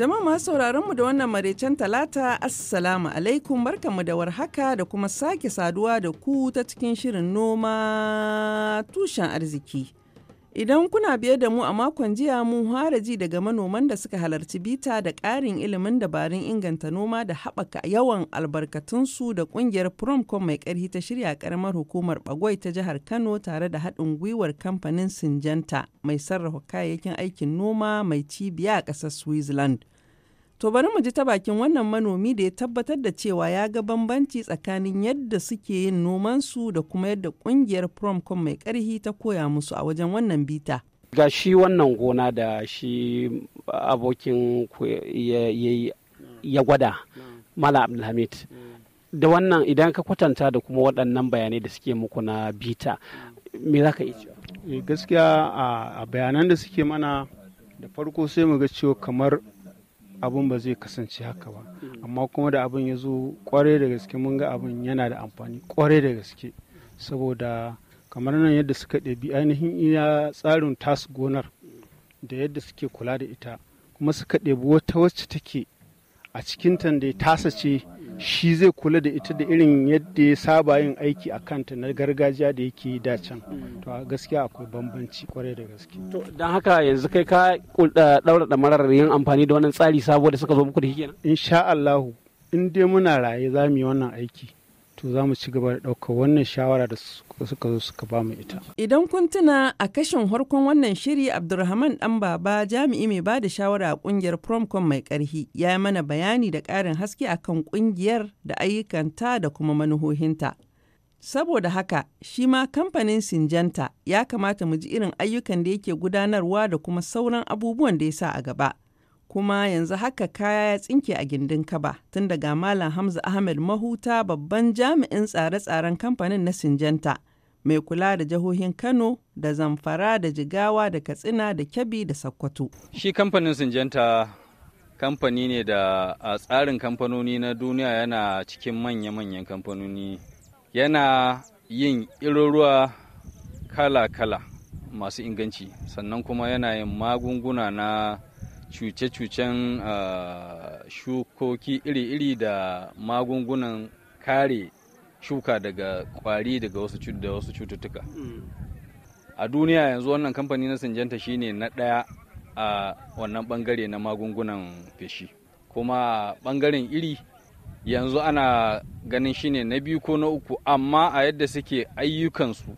Jama'a masu sauraron mu da wannan maraicen talata assalamu alaikum mu da warhaka da kuma sake saduwa da ku ta cikin shirin noma tushen arziki. Idan kuna biye da mu a makon jiya mun ji daga manoman da suka halarci bita da ƙarin ilimin dabarun inganta noma da haɓaka yawan albarkatun su da ƙungiyar Promcom mai ƙarfi ta shirya ƙaramar hukumar Bagwai ta jihar Kano tare da haɗin gwiwar kamfanin Sinjanta mai sarrafa kayayyakin aikin noma mai cibiya a ƙasar Switzerland. To bari mu ji ta bakin wannan manomi da ya tabbatar da cewa ya ga bambanci tsakanin yadda suke yin nomansu da kuma yadda kungiyar Promcom mai karhi ta koya musu a wajen wannan bita. Ga shi wannan gona da shi abokin ya gwada Mala Abdulhamid. Da wannan idan ka kwatanta da kuma waɗannan bayanai da suke muku na bita, me za ka eh, Gaskiya a bayanan da suke mana da farko sai mu ga cewa kamar abun ba zai kasance haka ba mm. amma kuma da abin ya zo kwarai da gaske mun ga abin yana da amfani kwarai da gaske saboda kamar nan yadda suka ɗabi ainihin iya tsarin tasu gonar da yadda suke kula da ita kuma suka ɗebi wata wacce take a cikin da tasa ce shi zai kula da ita da irin yadda ya saba yin aiki a kanta na gargajiya da yake da can to a gaskiya akwai bambanci kwarai da gaske to dan haka yanzu kai ka daura da marar yin amfani da wannan tsari sabo da suka zo muku da shi kenan insha Allah in dai muna raye za mu yi wannan aiki to za mu ci gaba da ɗaukar wannan shawara da suka zo suka ba mu ita. Idan kun tuna a kashin harkon wannan shiri Abdulrahman ɗan baba jami'i mai ba da shawara a ƙungiyar Promcom mai ƙarfi ya yi mana bayani da ƙarin haske akan ƙungiyar da ayyukanta da kuma manuhohinta. Saboda haka shi ma kamfanin Sinjanta ya kamata mu ji irin ayyukan da yake gudanarwa da kuma sauran abubuwan da ya sa a gaba. kuma yanzu haka kaya ya tsinke a gindin kaba tun daga Malam Hamza Ahmed Mahuta babban jami'in tsare-tsaren kamfanin na Sinjanta mai kula da jihohin Kano da Zamfara da Jigawa da Katsina da kyabi da Sokoto. Shi kamfanin Sinjanta kamfani ne da a tsarin kamfanoni na duniya yana cikin manya-manyan kamfanoni yana yin iruruwa kala-kala masu inganci sannan kuma yana yin magunguna na cuce-cucen ah, shukoki iri-iri da magungunan kare shuka daga kwari daga wasu cututtuka hmm. a duniya yanzu wannan kamfani na sinjanta shine na ɗaya a wannan bangare na magungunan feshi kuma bangaren iri yanzu ana ganin shine na biyu ko na uku amma a yadda suke ayyukansu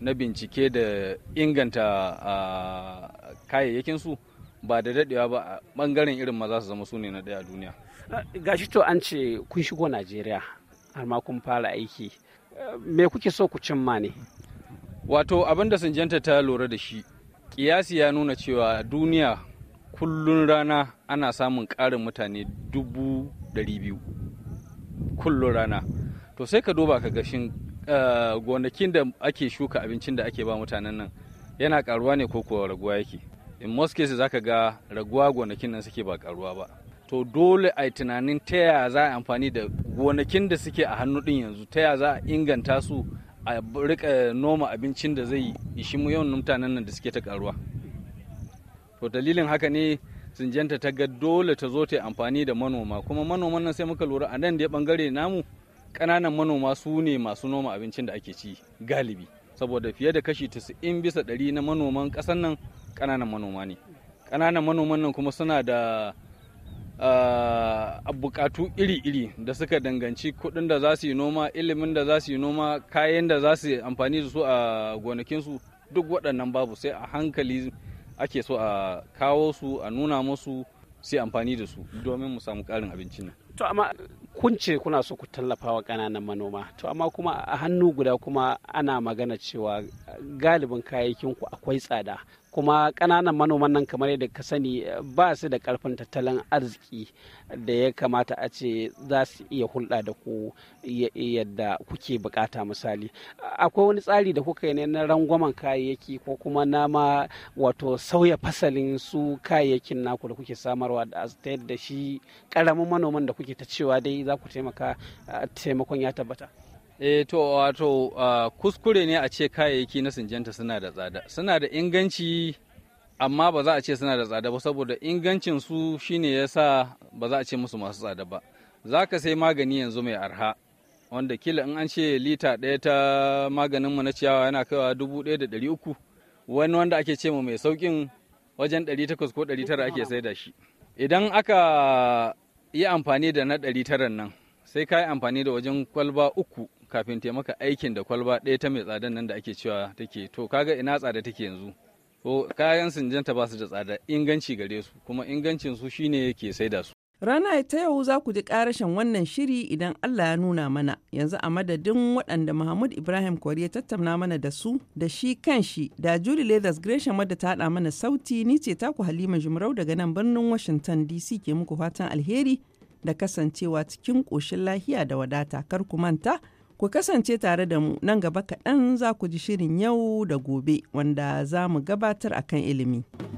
na bincike da inganta ah, kayayyakinsu ba da dadewa ba a bangaren irin maza su zama sune na daya a duniya gashi to an ce kun shigo najeriya har ma kun fara aiki me kuke so ku cimma ne wato abin da sinjanta ta lura da shi kiyasi ya nuna cewa duniya kullun rana ana samun karin mutane dubu dari biyu kullun rana to sai ka duba ka gashin eh, gonakin da ake shuka abincin da ake ba mutanen nan yana karuwa ne ko kuwa raguwa yake in most cases zaka ga raguwa gonakin nan suke ba karuwa ba to dole a tunanin ta yaya za a amfani da gonakin da suke a hannu din yanzu ta yaya za a inganta su a rika noma abincin da zai ishi mu yawan mutanen nan da suke ta karuwa to dalilin haka ne sinjanta ta ga dole ta zo ta amfani da manoma kuma manoman nan sai muka lura a nan da bangare namu kananan manoma su ne masu noma abincin da ake ci galibi saboda fiye da kashi 90 bisa ɗari na manoman kasar nan kananan manoma ne kananan manoman nan kuma suna da ah, bukatu iri-iri da suka danganci kuɗin da za su yi noma ilimin da za su yi noma kayan da za su amfani da su a gonakinsu duk waɗannan babu sai a hankali ake so a kawo su a nuna musu sai amfani da su domin mu samu ƙarin abinci ne. To amma kun ce kuna so ku tallafa wa ƙananan manoma to amma kuma a hannu guda kuma ana magana cewa galibin kayayyakin ku akwai tsada kuma kananan manoman nan kamar yadda ka sani eh, ba su da karfin tattalin arziki da ya kamata a ce za su iya hulɗa da ku yadda kuke bukata misali akwai wani tsari da kuka yi ne na rangwamen kayayyaki ko kuma na ma wato sauya fasalin su kayayyakin naku da kuke samarwa da ta yadda shi karamin manoman da kuke ta cewa dai za ku taimaka eh, taimakon ya tabbata eh to wato kuskure ne a ce kayayyaki na sinjanta suna da tsada suna da inganci amma ba za a ce suna da tsada ba saboda ingancin su shine sa ba za a ce musu masu tsada ba za ka sai magani yanzu mai arha wanda kila in an ce lita ɗaya ta maganinmu na ciyawa yana kaiwa dubu ɗaya da ɗari uku wani wanda ake ce mu mai saukin wajen ɗari takwas ko ɗari tara ake da shi idan aka yi amfani da na ɗari taran nan sai ka yi amfani da wajen kwalba uku kafin ta maka aikin da kwalba ɗaya ta mai tsadan nan da ake cewa take to kaga ina tsada take yanzu to kayan sinjanta ba su da tsada inganci gare su kuma ingancin su shine yake saida su Rana ta yau za ku ji karashin wannan shiri idan Allah ya nuna mana yanzu a madadin waɗanda Mahmud Ibrahim Kwari tattauna mana da su da shi kan shi da Julie Leathers Gresham wadda ta haɗa mana sauti ni ce taku Halima Jumrau daga nan birnin Washington DC ke muku fatan alheri da kasancewa cikin koshin lahiya da wadata kar ku manta Ku kasance tare da mu nan gaba kaɗan za ku ji shirin yau da gobe wanda za mu gabatar a kan ilimi.